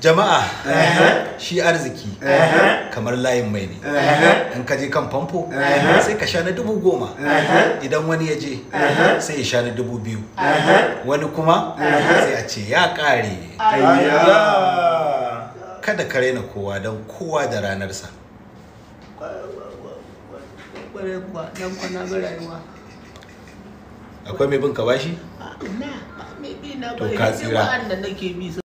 jama'a shi arziki kamar layin mai ne in ka je kan famfo sai ka sha na dubu goma idan wani ya je sai ya sha na dubu biyu wani kuma sai a ce ya ƙare kada ka raina kowa don kowa da ranarsa akwai mai bin ka bashi? to ka tsira